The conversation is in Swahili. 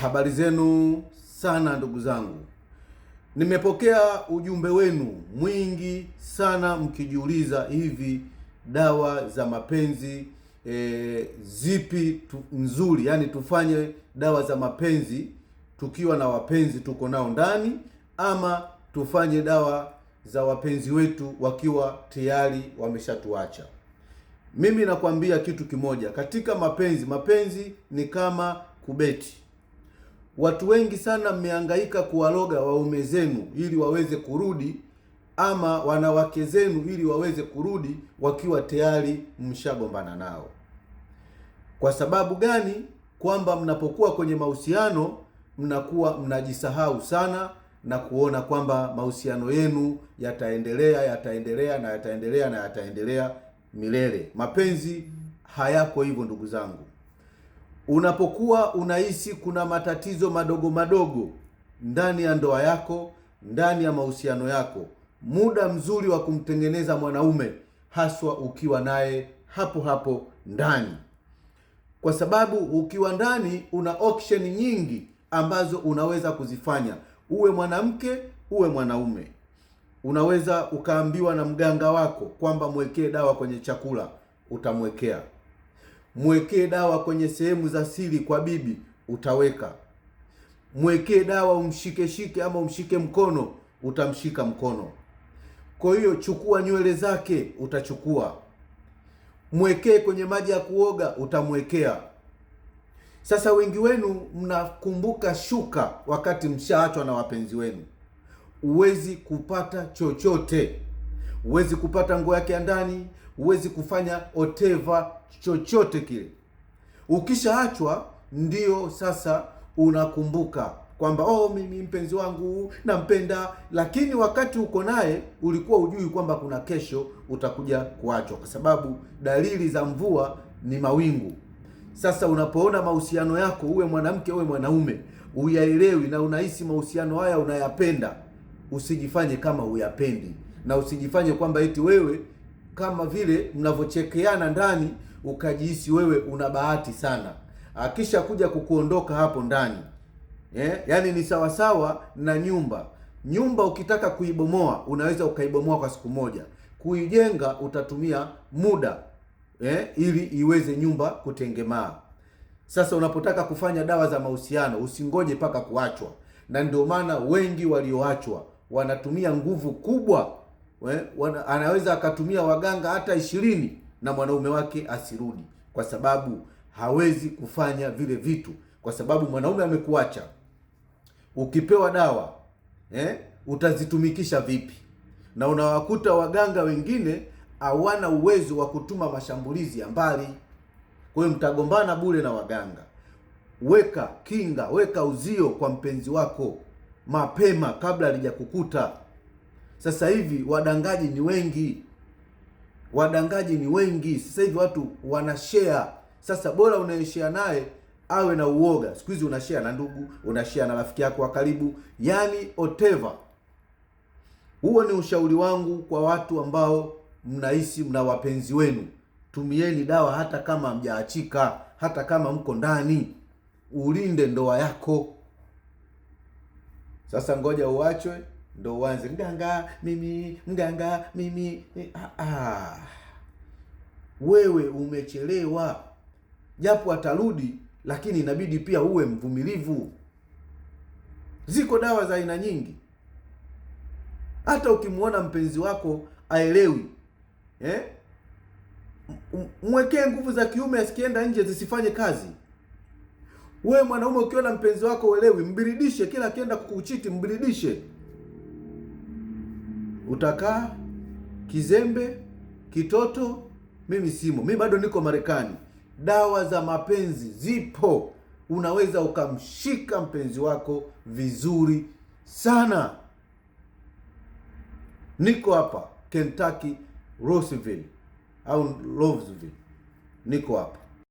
Habari zenu sana ndugu zangu, nimepokea ujumbe wenu mwingi sana mkijiuliza hivi dawa za mapenzi e, zipi tu, nzuri yani tufanye dawa za mapenzi tukiwa na wapenzi tuko nao ndani ama tufanye dawa za wapenzi wetu wakiwa tayari wameshatuacha. Mimi nakwambia kitu kimoja katika mapenzi, mapenzi ni kama kubeti Watu wengi sana mmehangaika kuwaroga waume zenu ili waweze kurudi, ama wanawake zenu ili waweze kurudi, wakiwa tayari mshagombana nao. Kwa sababu gani? Kwamba mnapokuwa kwenye mahusiano mnakuwa mnajisahau sana na kuona kwamba mahusiano yenu yataendelea yataendelea na yataendelea na yataendelea milele. Mapenzi hayako hivyo, ndugu zangu. Unapokuwa unahisi kuna matatizo madogo madogo ndani ya ndoa yako, ndani ya mahusiano yako, muda mzuri wa kumtengeneza mwanaume haswa ukiwa naye hapo hapo ndani, kwa sababu ukiwa ndani una option nyingi ambazo unaweza kuzifanya, uwe mwanamke uwe mwanaume. Unaweza ukaambiwa na mganga wako kwamba mwekee dawa kwenye chakula, utamwekea Mwekee dawa kwenye sehemu za siri kwa bibi, utaweka. Mwekee dawa umshike shike, ama umshike mkono, utamshika mkono. Kwa hiyo chukua nywele zake, utachukua. Mwekee kwenye maji ya kuoga, utamwekea. Sasa wengi wenu mnakumbuka shuka wakati mshaachwa na wapenzi wenu. Huwezi kupata chochote, huwezi kupata nguo yake ya ndani huwezi kufanya oteva chochote kile. Ukishaachwa ndio sasa unakumbuka kwamba oh, mimi mpenzi wangu nampenda, lakini wakati uko naye ulikuwa ujui kwamba kuna kesho utakuja kuachwa, kwa sababu dalili za mvua ni mawingu. Sasa unapoona mahusiano yako, uwe mwanamke uwe mwanaume, uyaelewi na unahisi mahusiano haya unayapenda, usijifanye kama uyapendi na usijifanye kwamba eti wewe kama vile mnavyochekeana ndani, ukajihisi wewe una bahati sana, akisha ah, kuja kukuondoka hapo ndani eh? Yani ni sawasawa na nyumba. Nyumba ukitaka kuibomoa unaweza ukaibomoa kwa siku moja, kuijenga utatumia muda eh, ili iweze nyumba kutengemaa. Sasa unapotaka kufanya dawa za mahusiano usingoje mpaka kuachwa, na ndio maana wengi walioachwa wanatumia nguvu kubwa we, wana, anaweza akatumia waganga hata ishirini na mwanaume wake asirudi, kwa sababu hawezi kufanya vile vitu, kwa sababu mwanaume amekuacha. Ukipewa dawa eh, utazitumikisha vipi? Na unawakuta waganga wengine hawana uwezo wa kutuma mashambulizi ya mbali, kwa hiyo mtagombana bure na waganga. Weka kinga, weka uzio kwa mpenzi wako mapema kabla kukuta sasa hivi wadangaji ni wengi, wadangaji ni wengi. Sasa hivi watu wanashea Sasa bora unaeshea naye awe na uoga. Siku hizi unashea na ndugu, unashea na rafiki yako wa karibu, yani oteva. Huo ni ushauri wangu kwa watu ambao mnahisi mna wapenzi wenu, tumieni dawa hata kama mjaachika hata kama mko ndani, ulinde ndoa yako. Sasa ngoja uachwe ndo uanze mganga mimi, mganga mimi. Eh, ah, ah, wewe umechelewa, japo atarudi, lakini inabidi pia uwe mvumilivu. Ziko dawa za aina nyingi. Hata ukimwona mpenzi wako aelewi eh? Mwekee nguvu za kiume, asikienda nje zisifanye kazi. Wewe mwanaume ukiona mpenzi wako uelewi, mbiridishe. Kila akienda kukuchiti, mbiridishe utakaa kizembe, kitoto. Mimi simo, mimi bado niko Marekani. Dawa za mapenzi zipo, unaweza ukamshika mpenzi wako vizuri sana. Niko hapa Kentucky, Roseville au Lovesville, niko hapa.